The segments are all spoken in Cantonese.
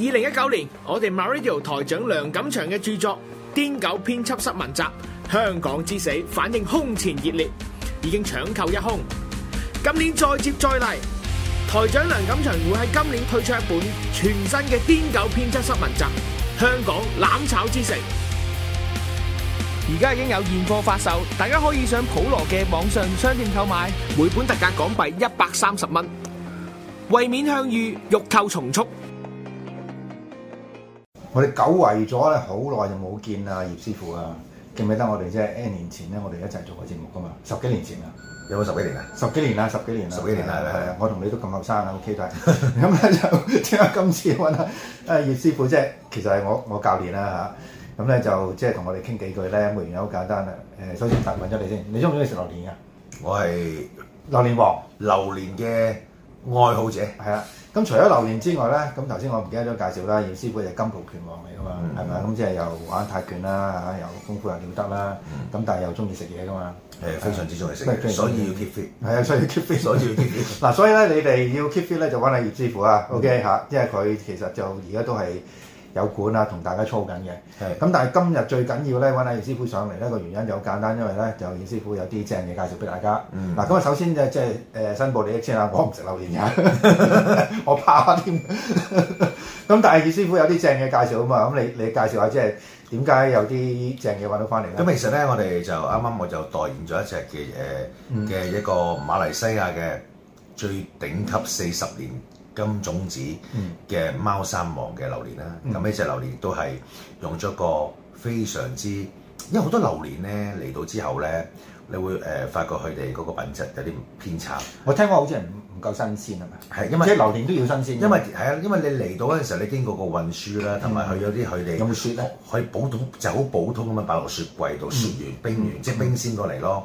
2019年我哋 MyRadio 台長梁錦祥嘅著作《癲狗編輯室文集》香港之死反應空前熱烈，已經搶購一空。今年再接再厲，台長梁錦祥會喺今年推出一本全新嘅《癲狗編輯室文集》——香港攬炒之城。而家已經有現貨發售，大家可以上普羅嘅網上商店購買，每本特價港幣一百三十蚊。為免向隅，欲購從速。我哋久違咗咧，好耐就冇見啦，葉師傅啊，記唔記得我哋即係？N 年前咧，我哋一齊做過節目噶嘛，十幾年前啊，有冇十幾年啊？十幾年啦，十幾年啦，十幾年啦，係啊的，的我同你都咁後生啊，OK 咁咧 就點解今次揾啊葉師傅即係。其實係我我教練啊嚇，咁咧就即係同我哋傾幾句咧，咁原因好簡單啦。誒，首先特問咗你先，你中唔中意食榴蓮噶？我係榴蓮王，榴蓮嘅愛好者，係啊。咁除咗留言之外咧，咁頭先我唔記得咗介紹啦，葉師傅係金蒲拳王嚟㗎嘛，係咪、嗯？咁即係又玩泰拳啦，又功夫又了得啦，咁、嗯、但係又中意食嘢噶嘛？誒，非常之中意食，所以要 keep fit。係啊，所以 keep fit，所以要 keep fit。嗱，所以咧，你哋要 keep fit 咧，就揾阿葉師傅啊。OK 吓、嗯，因為佢其實就而家都係。有管啊，同大家操緊嘅。咁是但係今日最緊要咧，揾阿葉師傅上嚟呢個原因就好簡單，因為咧就葉師傅有啲正嘢介紹俾大家。嗱、嗯，咁日、啊、首先呢就即係誒，申報利益先啦。我唔食榴蓮㗎，我怕添。咁但係葉師傅有啲正嘢介紹啊嘛，咁你你介紹下即係點解有啲正嘢揾到翻嚟咧？咁、嗯、其實咧，我哋就啱啱我就代言咗一隻嘅嘢，嘅、嗯、一個馬來西亞嘅最頂級四十年，金種子嘅貓山王嘅榴蓮啦，咁呢、嗯、隻榴蓮都係用咗個非常之，因為好多榴蓮咧嚟到之後咧，你會誒、呃、發覺佢哋嗰個品質有啲偏差。我聽過好似人。夠新鮮啊嘛！即係榴蓮都要新鮮。因為係啊，因為你嚟到嗰陣時候，你經過個運輸啦，同埋佢有啲佢哋用雪咧，佢普通就好普通咁樣擺落雪櫃度，雪完冰完，即係冰鮮過嚟咯。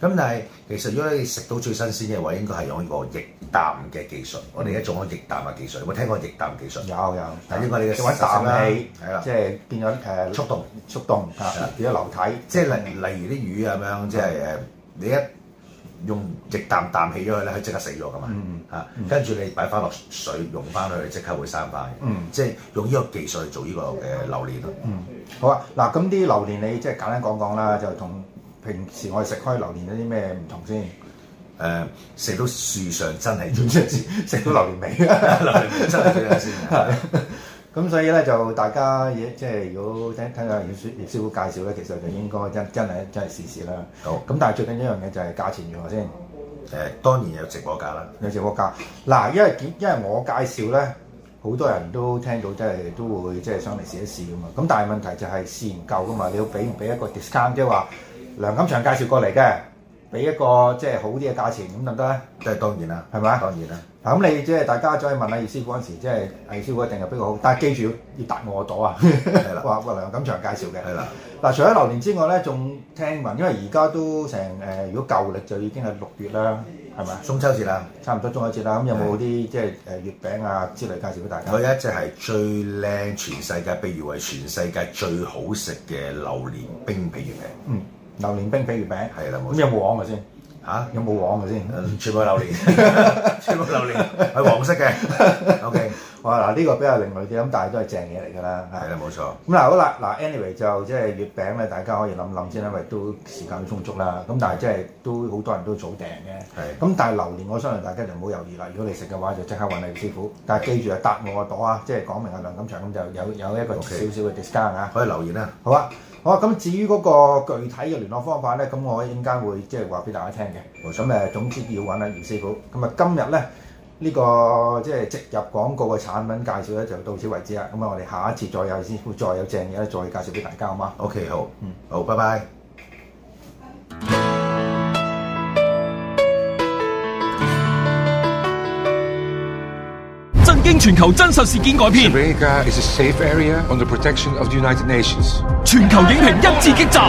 咁但係其實如果你食到最新鮮嘅話，應該係用呢個液氮嘅技術。我哋而家做緊液氮嘅技術，有冇聽過液氮技術？有有。但因為你嘅氮氣，係啦，即係變咗誒速凍、速凍變咗流體。即係例例如啲魚咁樣，即係誒你一。用液氮氮起咗佢咧，佢即刻死咗噶嘛嚇，跟住你擺翻落水溶翻佢，即刻會生翻嘅。嗯，即係用呢個技術做呢個誒榴蓮咯。嗯，好啊。嗱，咁啲榴蓮你即係簡單講講啦，就同平時我哋食開榴蓮有啲咩唔同先？誒，食到樹上真係最正先，食到榴蓮味，榴蓮真係最正先。咁所以咧就大家嘢，即係如果聽聽下葉師葉師傅介紹咧，其實就應該真真係真係試試啦。好。咁但係最緊要一樣嘢就係價錢，如何先？誒、欸，當然有直播價啦，有直播價。嗱，因為因為我介紹咧，好多人都聽到即係都會即係想嚟試一試噶嘛。咁但係問題就係試唔夠噶嘛，你要俾唔俾一個 discount，即係話梁錦祥介紹過嚟嘅。俾一個即係好啲嘅價錢咁就得啦，即係當然啦，係咪？當然啦。嗱咁你即係大家再問下葉師傅嗰陣時，即係魏葉師傅一定係比較好。但係記住要答我個朵啊。係啦的，哇，我梁錦祥介紹嘅。係啦的。嗱、啊，除咗榴蓮之外咧，仲聽聞，因為而家都成誒、呃，如果舊歷就已經係六月啦，係咪？中秋節啦，差唔多中秋節啦。咁、嗯、的有冇啲即係誒、呃、月餅啊之類介紹俾大家？佢一隻係最靚全世界，被譽為全世界最好食嘅榴蓮冰皮月餅。嗯。榴蓮冰皮月餅係啦，的沒有冇黃嘅先？啊、有冇黃嘅先？全部榴蓮， 全部榴蓮，係 黃色嘅。 OK。哇！嗱，呢、這個比較另類啲，咁但係都係正嘢嚟㗎啦。係啦，冇錯。咁嗱，好啦，嗱，anyway 就即係月餅咧，大家可以諗諗先啦，因為都時間充足啦。咁但係即係都好多人都早訂嘅。係是的。咁但係榴蓮，我相信大家就唔好猶豫啦。如果你食嘅話，就即刻揾阿姚師傅。但係記住啊，答我個朵啊，places, 即係講明阿梁錦祥咁就有有一個少少嘅 discount Okay 啊。可以留言啦，啦，好啊。好啊。咁至於嗰個具體嘅聯絡方法咧，咁我陣間會即係話俾大家聽嘅。咁誒，總之要揾阿姚師傅。咁、呃、啊，今日咧。 呢個即係植入廣告嘅產品介紹咧，就到此為止啦。咁啊，我哋下一次再有先，會再有正嘢咧，再介紹俾大家，好嗎？OK，好，嗯，好，拜拜。震驚全球真實事件改編。全球影評一致激讚。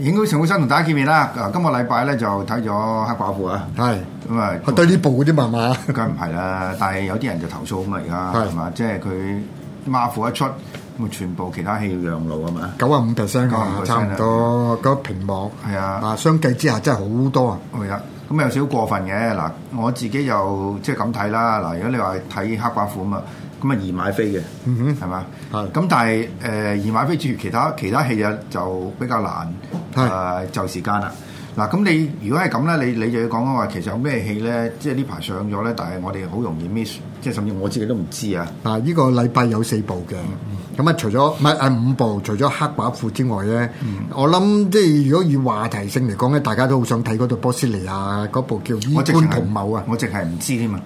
影嗰個陳冠生同大家見面啦！啊，今個禮拜咧就睇咗《黑寡婦》啊，係咁啊，對呢、嗯、部嗰啲嘛嘛，梗唔係啦，但係有啲人就投訴咁嚟㗎，係嘛是？即係佢《寡婦》一出，咁全部其他戲要讓路係嘛。九是吧十五 percent，啊、差唔多嗰屏幕係啊，嗱、啊，相繼之下真係好多啊！係啊，咁、嗯嗯、有少少過分嘅嗱、啊，我自己又即係咁睇啦嗱，如果你話睇《黑寡婦》咁啊。咁啊易買飛嘅，係嘛？咁但係誒易買飛之餘其，其他其他戲啊就比較難啊就、mm hmm. 呃、時間啦。嗱、啊，咁你如果係咁咧，你你就要講講話其實有咩戲咧，即係呢排上咗咧，但係我哋好容易 miss，即係甚至我自己都唔知啊。啊！呢個禮拜有四部嘅，咁啊除咗唔係五部，除咗黑寡婦之外咧，mm hmm. 我諗即係如果以話題性嚟講咧，大家都好想睇嗰套波斯尼亞嗰部叫《疑案同謀》啊，我淨係唔知添啊。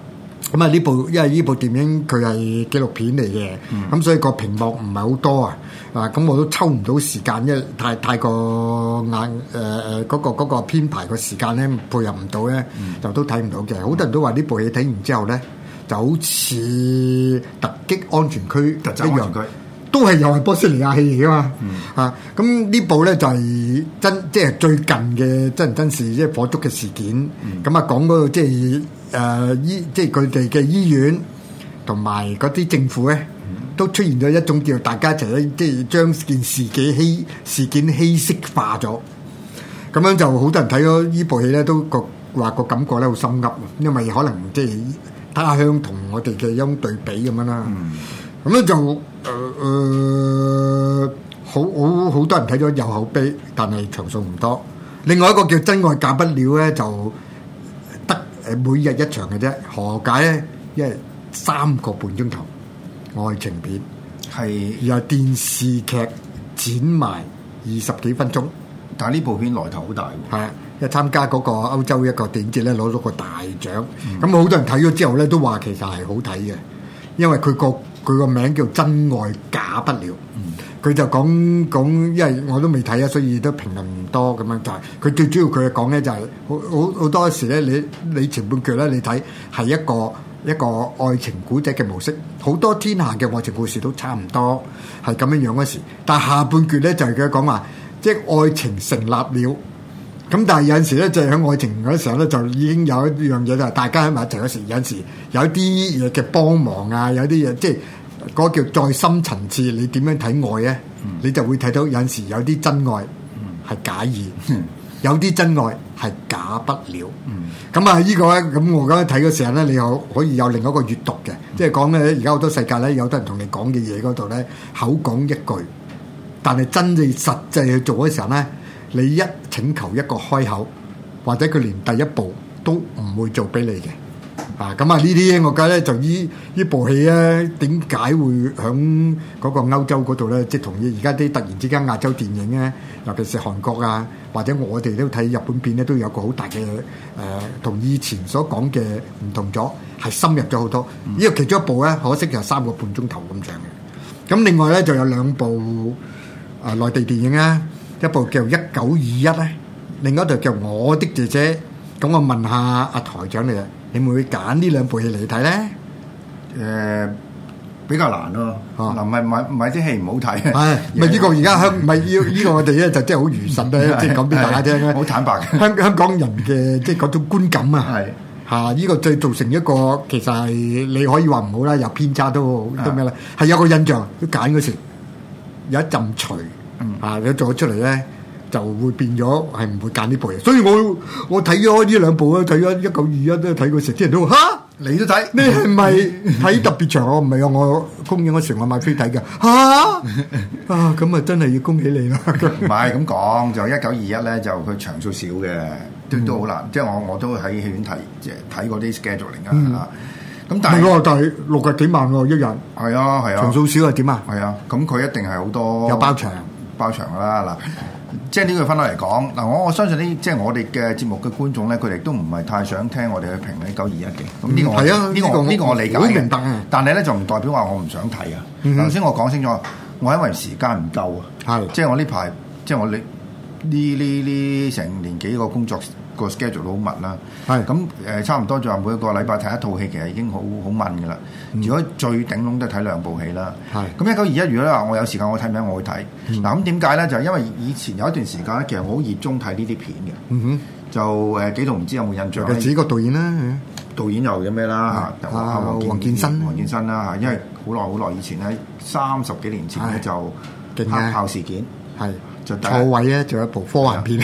咁啊！呢部因為呢部電影佢係紀錄片嚟嘅，咁、嗯、所以個屏幕唔係好多啊！啊咁我都抽唔到時間，因為太太過硬誒誒，嗰、呃那個嗰編、那個、排個時間咧，配合唔到咧，就都睇唔到嘅。好、嗯、多人都話呢部戲睇完之後咧，就好似《突擊安全區》一樣，佢都係又係波斯尼亞戲嚟噶嘛嚇！咁、嗯嗯啊、呢部咧就係、是、真即係、就是、最近嘅真人真事，即、就、係、是、火燭嘅事件，咁啊講嗰個即係。嗯誒醫、呃、即係佢哋嘅醫院同埋嗰啲政府咧，都出現咗一種叫大家一齊即係將件事幾欺事件稀釋化咗。咁樣就好多人睇咗呢部戲咧，都個話個感覺咧好心噏，因為可能即係他鄉同我哋嘅一對比咁樣啦。咁咧就誒誒、呃、好好好，好多人睇咗有口碑，但係場數唔多。另外一個叫《真愛嫁不了》呢咧就。誒每日一場嘅啫，何解咧？因為三個半鐘頭愛情片，係又係電視劇剪埋二十幾分鐘，但係呢部片來頭好大喎。係啊，因為參加嗰個歐洲一個電影節咧，攞咗個大獎。咁好、嗯、多人睇咗之後咧，都話其實係好睇嘅，因為佢個。佢個名叫真愛假不了，佢、嗯、就講講，因為我都未睇啊，所以都評論唔多咁樣、就係。就係佢最主要就、就係，佢講咧就係好好好多時咧，你你前半句咧你睇係一個一個愛情古仔嘅模式，好多天下嘅愛情故事都差唔多係咁樣樣嗰時，但下半句咧就係佢講話，即、就係、愛情成立了。咁但係有陣時咧，就喺愛情嗰時候咧，就已經有一樣嘢就係大家喺埋一齊嗰時，有陣時有啲嘢嘅幫忙啊，有啲嘢即係嗰叫再深層次，你點樣睇愛咧？嗯、你就會睇到有陣時有啲真愛係假意，嗯、有啲真愛係假不了。咁啊、嗯，呢、呢個咧，咁我覺得睇嘅時候咧，你可可以有另一個閲讀嘅，即係講咧而家好多世界咧，有得人同你講嘅嘢嗰度咧，口講一句，但係真正實際去做嘅時候咧，你一。請求一個開口，或者佢連第一步都唔會做俾你嘅。啊，咁啊呢啲我覺得就呢呢部戲咧、啊，點解會響嗰個歐洲嗰度咧？即係同而家啲突然之間亞洲電影咧、啊，尤其是韓國啊，或者我哋都睇日本片咧，都有個好大嘅誒，同、呃、以前所講嘅唔同咗，係深入咗好多。呢個、嗯、其中一部咧、啊，可惜就三個半鐘頭咁長。咁、啊、另外咧就有兩部啊內、呃、地電影啊。一部叫《一九二一》咧，另一套叫《我的姐姐》。咁我問下阿台長你啊，你會唔會揀呢兩部戲嚟睇咧？誒，比較難咯，嚇！嗱，唔係唔係唔係啲戲唔好睇，係咪呢個而家香？咪要呢個我哋咧就真係好現實啦，即係講俾大家聽啦，好坦白。香香港人嘅即係嗰種觀感啊，係嚇呢個就造成一個其實係你可以話唔好啦，有偏差都都咩咧？係有個印象，佢揀嗰時有一陣除。啊！你做咗出嚟咧，就會變咗係唔會揀呢部嘢，所以我我睇咗呢兩部咧，睇咗一九二一都睇嗰成啲人都話吓你都睇，你係咪睇特別長？我唔係啊，我公映嗰時我買飛睇嘅嚇啊！咁啊，啊真係要恭喜你啦！唔係咁講，就一九二一咧，就佢場數少嘅，都好難。即係我我都喺戲院睇即係睇嗰啲 schedule 嚟噶嚇。咁對但係我睇六廿幾萬喎，一人係啊係啊，場數少係點啊？係啊，咁佢一定係好多有包場。包場啦嗱，即係呢個分開嚟講嗱，我 我相信呢即係我哋嘅節目嘅觀眾咧，佢哋都唔係太想聽我哋去評論九二一嘅。咁呢看個係啊，呢個呢、呢個我理解，明白。啊、但係咧就唔代表話我唔想睇啊。頭先、mm hmm. 我講清楚，我因為時間唔夠啊，即係 我呢排即係我呢呢呢成年幾個工作。個 schedule 都好密啦，咁誒差唔多就係每一個禮拜睇一套戲，其實已經好好密嘅啦。如果最頂籠都係睇兩部戲啦。咁一九二一，如果話我有時間，我睇唔睇我去睇。嗱咁點解咧？就係因為以前有一段時間咧，其實我好熱衷睇呢啲片嘅。哼，就誒幾度唔知有冇印象？就指個導演啦，導演又有咩啦？啊，黃建新，黃建新啦嚇，因為好耐好耐以前咧，三十幾年前咧就拍黑炮事件，係錯位咧，仲有一部科幻片。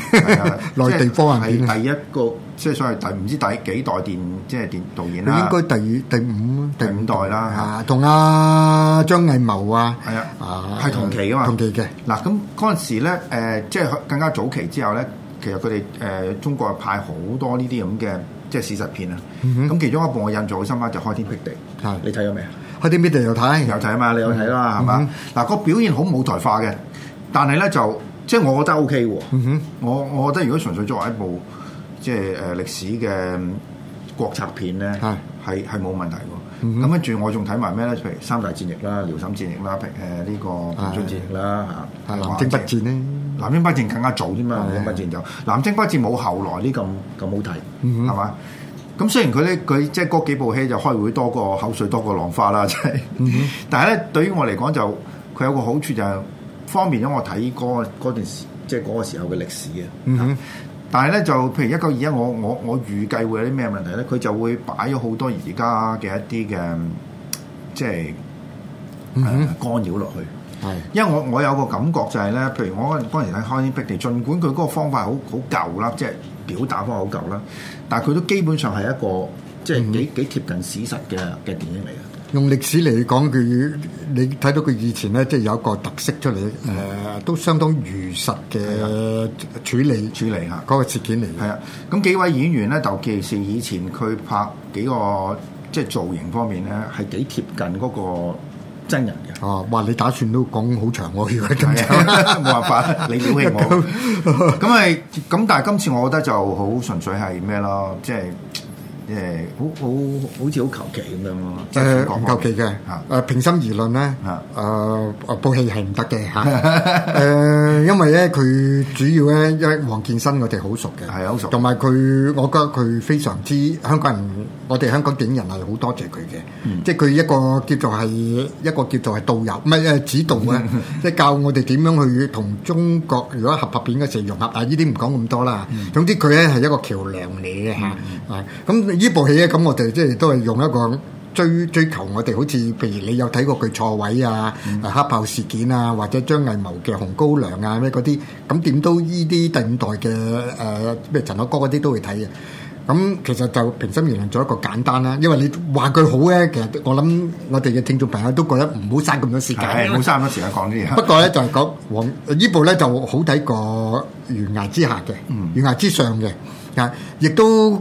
內地科幻片係第一個，即係所謂第唔知第幾代電，即係電導演啦。應該第第五，第五代啦。啊，同阿張藝謀啊，係啊，係同期噶嘛？同期嘅。嗱，咁嗰陣時咧，誒，即係更加早期之後咧，其實佢哋誒，中國派好多呢啲咁嘅，即係史實片啊。咁其中一部我印象好深刻，就《開天闢地》。啊，你睇咗未啊？《開天闢地》有睇，有睇啊嘛，你有睇啦，係嘛？嗱，個表現好舞台化嘅，但係咧就。即係我覺得 O K 喎，我我覺得如果純粹作為一部即係誒、呃、歷史嘅國策片咧，係係係冇問題喎。咁跟住我仲睇埋咩咧？譬如三大戰役啦、遼沈戰役啦、誒呢、呃這個平津、mm hmm. 戰役啦嚇，南征北戰咧，南征北戰更加早啲嘛、mm hmm.，南征北戰就南征北戰冇後來啲咁咁好睇，係嘛、mm？咁、hmm. 雖然佢咧佢即係嗰幾部戲就開會多過口水多過浪花啦，真、就、係、是。Mm hmm. 但係咧對於我嚟講就佢有個好處就係、是。方便咗我睇嗰嗰段時，即係嗰個時候嘅歷史啊，嗯哼是但係咧就譬如一九二一，我我我預計會有啲咩問題咧？佢就會擺咗好多而家嘅一啲嘅，即係誒、呃、干擾落去。係、嗯哼，因為我我有個感覺就係、是、咧，譬如我嗰陣嗰陣時睇《開天辟地》，儘管佢嗰個方法好好舊啦，即係、就是、表達方法好舊啦，但係佢都基本上係一個即係幾幾貼近史實嘅嘅電影嚟嘅。用歷史嚟講佢，你睇到佢以前咧，即係有一個特色出嚟，誒、呃、都相當如實嘅處理處理嚇嗰個事件嚟嘅。係啊，咁幾位演員咧，尤其是以前佢拍幾個即係造型方面咧，係幾貼近嗰個真人嘅。哦，哇！你打算都講好長喎、啊，我以為咁樣冇辦法， 你表氣我咁咪咁，但係今次我覺得就好純粹係咩咯，即係。誒 Yeah, 好好好似好求其咁樣咯，唔求其嘅，誒、呃、平心而論咧，誒、呃、部戲係唔得嘅嚇，誒因為咧佢主要咧，因為黃建新我哋好熟嘅，係好熟，同埋佢我覺得佢非常之香港人，我哋香港影人係好多謝佢嘅，嗯、即係佢一個叫做係一個叫做係導遊唔係、呃、指導咧，嗯、即係教我哋點樣去同中國如果合拍片嘅時候融合，啊呢啲唔講咁多啦，嗯、總之佢咧係一個橋梁嚟嘅嚇，啊咁、嗯嗯嗯呢部戲咧，咁我哋即係都係用一個追追求我，我哋好似譬如你有睇過佢錯位啊、嗯、黑炮事件啊，或者張藝謀嘅紅高粱啊咩嗰啲，咁點都呢啲第五代嘅誒咩陳凱歌嗰啲都會睇嘅。咁其實就平心而論，做一個簡單啦。因為你話句好咧，其實我諗我哋嘅聽眾朋友都覺得唔好嘥咁多時間，唔好嘥咁多時間講呢啲。不過咧就係講呢部咧就好睇過《懸崖之下》嘅、嗯，《懸崖之上》嘅啊，亦都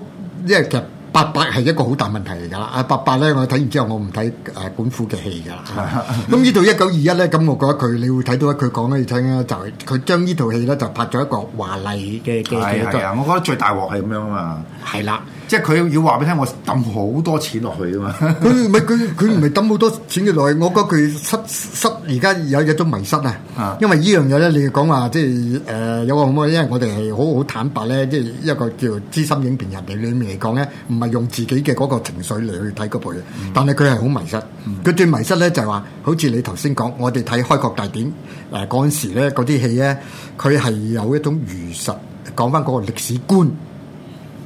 因為劇。其實八佰係一個好大問題嚟噶啦，啊八佰咧，我睇完之後我唔睇誒管虎嘅戲噶啦。咁 呢套一九二一咧，咁我覺得佢你會睇到佢講咧、就係，聽啊。就佢將呢套戲咧就拍咗一個華麗嘅嘅戲。係，係我覺得最大鑊係咁樣啊嘛。係啦。即係佢要話俾聽，我抌好多錢落去㗎嘛。佢唔係佢佢唔係抌好多錢嘅落去，我覺得佢「失失而家有有種迷失啊。因為呢樣嘢咧，你講話即係誒、呃、有個咁麼？因為我哋係好好坦白咧，即係一個叫資深影評人嚟裏面嚟講咧，唔係用自己嘅嗰個情緒嚟去睇嗰部嘢，嗯、但係佢係好迷失。佢最、嗯、迷失咧就係話，好似你頭先講，我哋睇開國大典誒嗰陣時咧嗰啲戲咧，佢係有一種如實講翻嗰個歷史觀。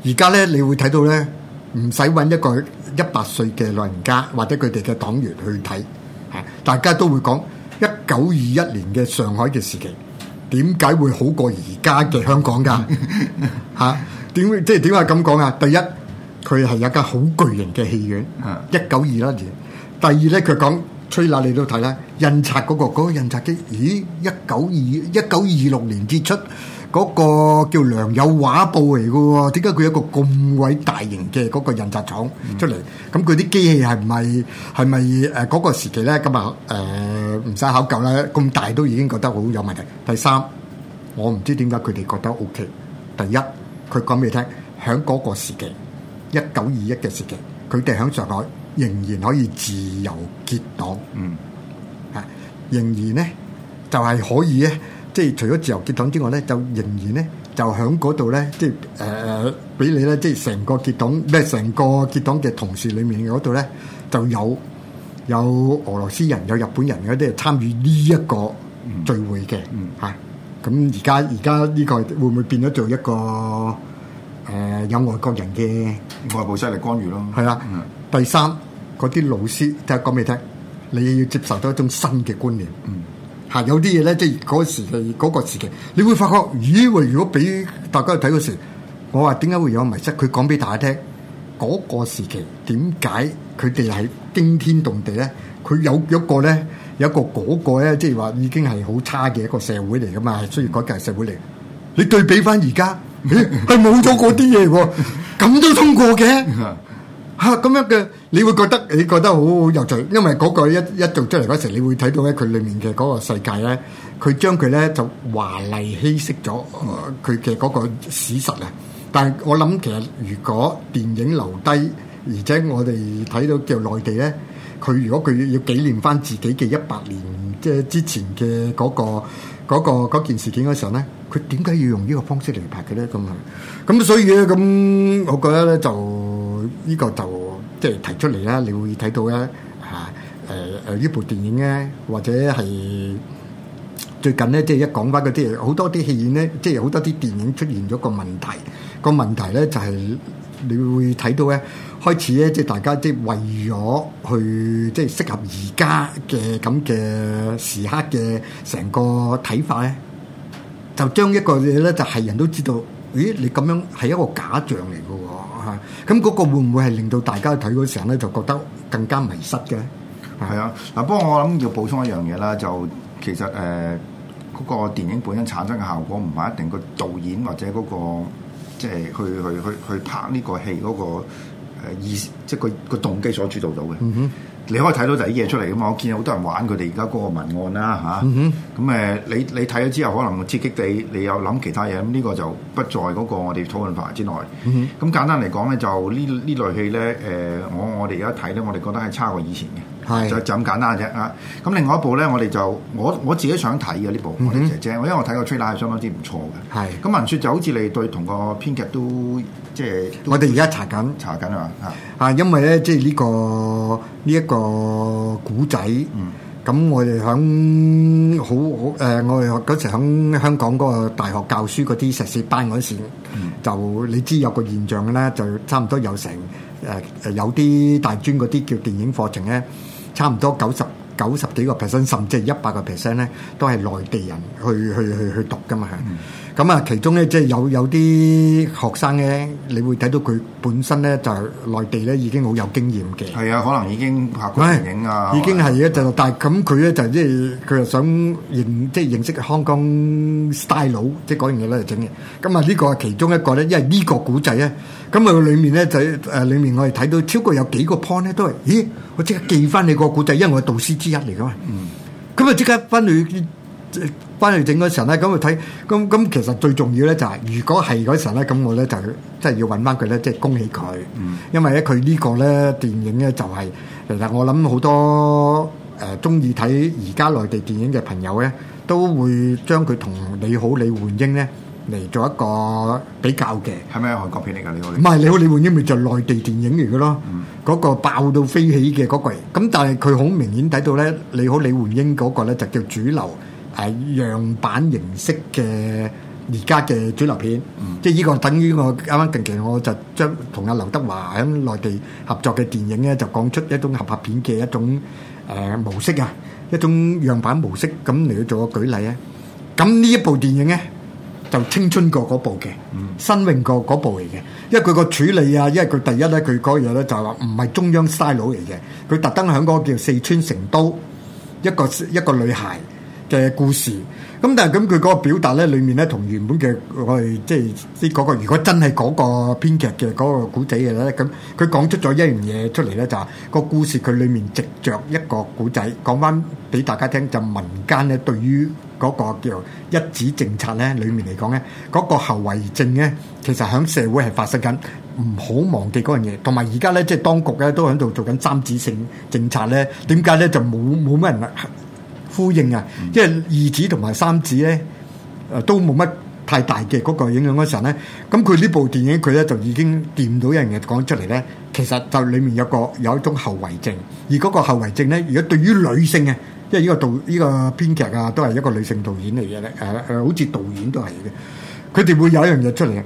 而家咧，你會睇到咧，唔使揾一個一百歲嘅老人家或者佢哋嘅黨員去睇，嚇，大家都會講一九二一年嘅上海嘅時期點解會好過而家嘅香港㗎？嚇，點即係點解咁講啊？第一，佢係一間好巨型嘅戲院，一九二一年。第二咧，佢講吹喇，你都睇啦，印刷嗰個嗰個印刷機，咦，一九二一九二六年結出。嗰個叫良友畫報嚟嘅喎，點解佢一個咁偉大型嘅嗰個印刷廠出嚟？咁佢啲機器係咪係咪誒嗰個時期咧？今日誒唔使考究啦，咁大都已經覺得好有問題。第三，我唔知點解佢哋覺得 OK。第一，佢講俾你聽，喺嗰個時期，一九二一嘅時期，佢哋喺上海仍然可以自由結黨，嗯，嚇，仍然咧就係可以咧。即係除咗自由結黨之外咧，就仍然咧就喺嗰度咧，即係誒俾你咧，即係成個結黨咩？成個結黨嘅同事裡面嗰度咧就有有俄羅斯人、有日本人嗰啲係參與呢一個聚會嘅嚇。咁而家而家呢個會唔會變咗做一個誒、呃、有外國人嘅外部勢力干預咯？係啦、啊。嗯、第三，嗰啲老師睇下講俾你聽，你要接受到一種新嘅觀念。嗯嚇！有啲嘢咧，即係嗰時嘅嗰、嗰個時期，你會發覺，咦？喂！如果俾大家去睇嗰時，我話點解會有迷失？佢講俾大家聽，嗰、嗰個時期點解佢哋係驚天動地咧？佢有一個咧，有一個嗰、嗰個咧，即係話已經係好差嘅一個社會嚟噶嘛，所以改革係社會嚟。你對比翻而家，係冇咗嗰啲嘢喎，咁 都通過嘅。嚇咁樣嘅，你會覺得你覺得好有趣，因為嗰個一一做出嚟嗰時，你會睇到咧佢裏面嘅嗰個世界咧，佢將佢咧就華麗稀釋咗佢嘅嗰個史實啊！但係我諗其實如果電影留低，而且我哋睇到叫內地咧，佢如果佢要紀念返自己嘅一百年，即係之前嘅嗰個嗰個嗰件事件嘅時候咧，佢點解要用呢個方式嚟拍嘅咧？咁啊，咁所以咧，咁我覺得咧就。呢個就即係提出嚟啦，你會睇到咧吓，誒誒呢部電影咧，或者係最近咧，即係一講翻啲嘢，好多啲戲院咧，即係好多啲電影出現咗個問題，個問題咧就係你會睇到咧，開始咧即係大家即係為咗去即係適合而家嘅咁嘅時刻嘅成個睇法咧，就將一個嘢咧就係人都知道，咦？你咁樣係一個假象嚟㗎。嚇！咁嗰個會唔會係令到大家睇嗰時候咧，就覺得更加迷失嘅？係啊！嗱，不過我諗要補充一樣嘢啦，就其實誒嗰、呃那個電影本身產生嘅效果，唔係一定個導演或者嗰、那個即係去去去去拍呢個戲嗰、那個意，即係個個動機所主導到嘅。嗯哼、mm。Hmm. 你可以睇到第啲嘢出嚟㗎嘛，我見有好多人玩佢哋而家嗰個文案啦嚇，咁、啊、誒、mm hmm. 嗯、你你睇咗之後可能刺激你，你有諗其他嘢，咁、這、呢個就不在嗰個我哋討論範圍之內。咁、mm hmm. 嗯、簡單嚟講咧，就呢呢類戲咧，誒我我哋而家睇咧，我哋覺得係差過以前嘅。是就就咁簡單啫嚇，咁、啊、另外一部咧，我哋就我我自己想睇嘅呢部，嗯、我哋姐姐，因為我睇過 trailer 係相當之唔錯嘅。係、嗯，咁文雪就好似你對同個編劇都即係。我哋而家查緊查緊啊！啊，因為咧即係呢個呢一、這個古仔，咁、嗯、我哋響好好誒、呃，我哋嗰時響香港嗰個大學教書嗰啲碩士班嗰時，嗯、就你知有個現象嘅咧，就差唔多有成誒誒、呃、有啲大專嗰啲叫電影課程咧。差唔多九十，九十幾個 percent 甚至係一百個 percent 咧，都係內地人去去去去讀噶嘛。咁啊，嗯、其中咧即係有有啲學生咧，你會睇到佢本身咧就係內地咧已經好有經驗嘅。係啊，可能已經拍過電影啊，已經係咧、啊、就，但係咁佢咧就即係佢又想認即係、就是、認識香港 style，即係講完嘢咧嚟整嘅。咁啊，呢個係其中一個咧，因為呢個古仔咧，咁啊，佢裏面咧就誒裏面我哋睇到超過有幾個 point 咧都係，咦？我即刻寄翻你個古仔，因為我導師。之一嚟噶嘛，咁啊即刻翻去翻去整嗰陣咧，咁去睇，咁咁、 嗯、其實最重要咧就係，如果係嗰陣咧，咁我咧就即係要揾翻佢咧，即係恭喜佢，因為咧佢呢個咧電影咧就係，其實我諗好多誒中意睇而家內地電影嘅朋友咧，都會將佢同你好李煥英咧。嚟做一個比較嘅，係咪韓國片嚟㗎？這個、是你好，唔係你好，李煥英咪就內地電影嚟嘅咯。嗰個爆到飛起嘅嗰個，咁但係佢好明顯睇到咧，你好李煥英嗰個咧就叫主流誒、呃、樣板形式嘅而家嘅主流片，嗯、即係呢個等於我啱啱近期我就將同阿劉德華喺內地合作嘅電影咧，就講出一種合拍片嘅一種誒、呃、模式啊，一種樣板模式，咁嚟去做個舉例啊。咁呢一部電影咧？就青春過嗰部嘅，新穎過嗰部嚟嘅，因為佢個處理啊，因為佢第一咧，佢嗰樣咧就話唔係中央 style 嚟嘅，佢特登喺嗰個叫四川成都一個一個女孩嘅故事，咁但係咁佢嗰個表達咧，裡面咧同原本嘅我哋即係啲嗰個，如果真係嗰個編劇嘅嗰個古仔嘅咧，咁佢講出咗一樣嘢出嚟咧，就係個故事佢裡面藉著一個古仔講翻俾大家聽，就民間咧對於。嗰個叫一子政策咧，裏面嚟講咧，嗰個後遺症咧，其實喺社會係發生緊，唔好忘記嗰樣嘢。同埋而家咧，即係當局咧都喺度做緊三子性政策咧，點解咧就冇冇乜人呼應啊？因為二子同埋三子咧，誒都冇乜太大嘅嗰個影響嗰時候咧。咁佢呢部電影佢咧就已經掂到一樣嘢講出嚟咧，其實就裡面有個有一種後遺症，而嗰個後遺症咧，如果對於女性嘅。即係呢個導呢個編劇啊，都係一個女性導演嚟嘅咧，誒、呃、誒，好似導演都係嘅。佢哋會有一樣嘢出嚟，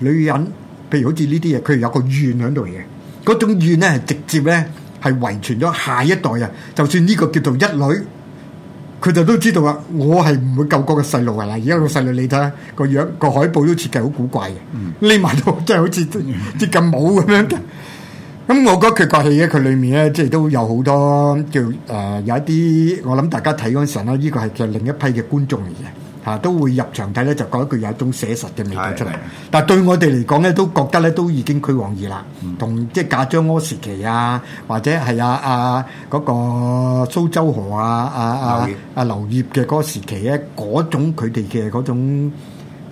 女人，譬如好似呢啲嘢，佢有個怨喺度嘅。嗰種怨咧，直接咧係遺傳咗下一代啊。就算呢個叫做一女，佢就都知道啊，我係唔會救我嘅細路啊！嗱，而家個細路你睇下個樣，個海報都設計好古怪嘅，匿埋度，真係好似接近冇咁樣。咁、嗯、我覺得佢個戲咧，佢裏面咧，即係都有好多叫誒、呃，有一啲我諗大家睇嗰陣咧，依、這個係嘅另一批嘅觀眾嚟嘅嚇，都會入場睇咧，就覺得佢有一種寫實嘅味道出嚟。的但對我哋嚟講咧，都覺得咧都已經俱往矣啦，同、嗯、即係賈樟柯時期啊，或者係啊啊嗰、那個蘇州河啊啊業啊啊劉燁嘅嗰個時期咧，嗰種佢哋嘅嗰種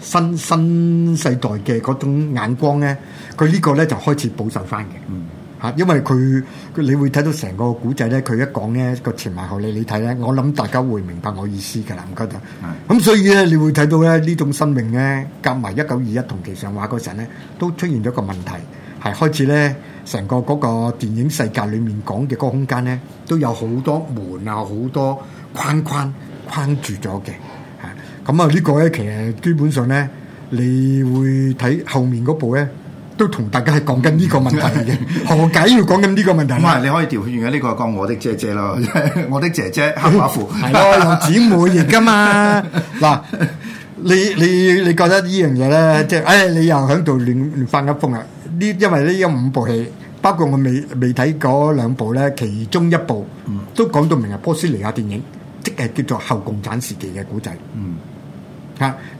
新新世代嘅嗰種眼光咧，佢呢個咧就開始保守翻嘅。嗯嚇，因為佢佢，你會睇到成個古仔咧，佢一講咧個前埋後裏，你睇咧，我諗大家會明白我意思㗎喇，我覺得。咁所以咧，你會睇到咧呢種生命咧，夾埋一九二一同期上畫嗰陣咧，都出現咗個問題，係開始咧成個嗰個電影世界裡面講嘅嗰個空間咧，都有好多門啊，好多框框框住咗嘅。嚇，咁啊呢個咧其實基本上咧，你會睇後面嗰部咧。都同大家係講緊呢個問題嘅，何解要講緊呢個問題？唔係，你可以調轉嘅呢個係講我的姐姐啦，我的姐姐黑寡婦，係咯， 姊妹嚟噶嘛？嗱，你你你覺得呢樣嘢咧，即係，唉、哎，你又響度亂亂發一封啊？呢，因為呢，有五部戲，包括我未未睇嗰兩部咧，其中一部，都講到明係波斯尼亞電影，即係叫做後共產時期嘅古仔，嗯。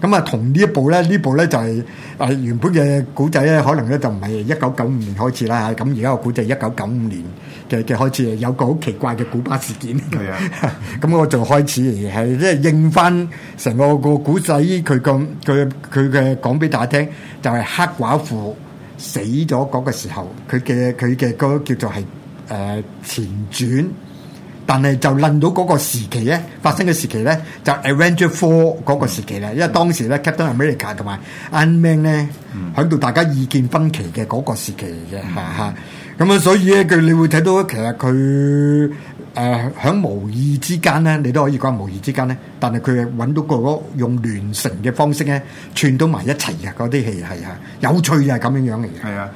咁啊，同呢一部咧，呢部咧就係、是、誒、呃、原本嘅古仔咧，可能咧就唔係一九九五年開始啦，咁而家個古仔一九九五年嘅嘅開始，有個好奇怪嘅古巴事件，咁 的 我就開始係即係應翻成個個古仔，佢咁佢佢嘅講俾大家聽，就係、是、黑寡婦死咗嗰個時候，佢嘅佢嘅個叫做係誒、呃、前傳。但係就輪到嗰個時期咧，發生嘅時期咧，就 Avengers Four 嗰個時期啦，因為當時咧、嗯、Captain America 同埋 Iron Man 咧，喺、嗯、到大家意見分歧嘅嗰個時期嘅，嚇嚇、嗯。咁啊，所以咧佢你會睇到，其實佢誒喺無意之間咧，你都可以講無意之間咧，但係佢揾到個用聯成嘅方式咧，串到埋一齊嘅嗰啲戲係嚇有趣就係咁樣樣嚟嘅。